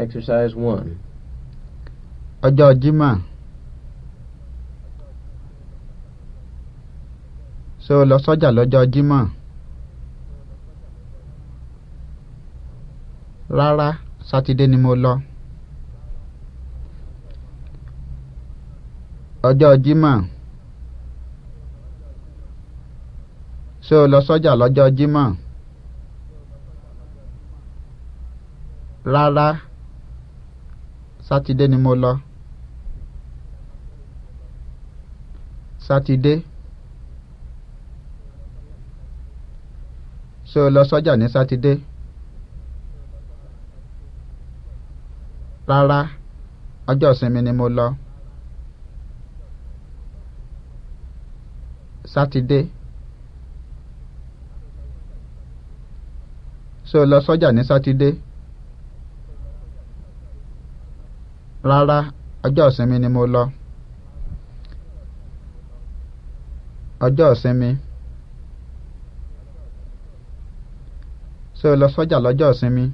Exercise one. Ọjọ́ Jímọ̀. Ṣé o lọ sọ́jà lọ́jọ́ Jímọ̀? Rárá, Sátidé ni mo lọ. Ọjọ́ Jímọ̀. Ṣé o lọ sọ́jà lọ́jọ́ Jímọ̀? Rárá sátidé ni mo lọ sátidé ṣé o lọ sọ́jà ní sátidé rárá ọjọ́ ìsinmi ni mo lọ sátidé ṣé o lọ sọ́jà ní sátidé. rárá ọjọ́ ìsinmi ni mo lọ ọjọ́ ìsinmi ṣé o lọ sọ́jà lọ́jọ́ ìsinmi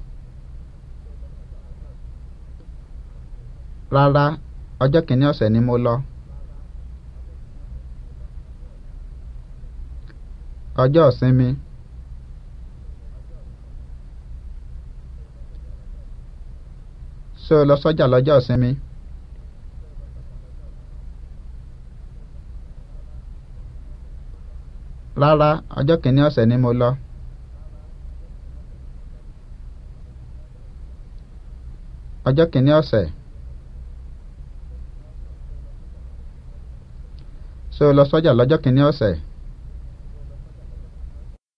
rárá ọjọ́ kìíní ọ̀sẹ̀ ni mo lọ ọjọ́ ìsinmi. ṣé o lọ sọ́jà lọ́jọ́ ìsinmi. rárá ọjọ́ kìíní ọ̀sẹ̀ ni mo lọ. ọjọ́ kìíní ọ̀sẹ̀. ṣé o lọ sọ́jà lọ́jọ́ kìíní ọ̀sẹ̀.